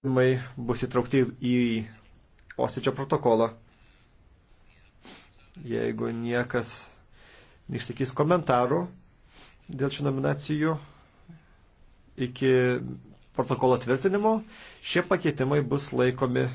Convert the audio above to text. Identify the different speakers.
Speaker 1: klausimai bus įtraukti į posėdžio protokolą. Jeigu niekas neišsakys komentarų dėl šių nominacijų iki protokolo tvirtinimo,
Speaker 2: šie pakeitimai bus laikomi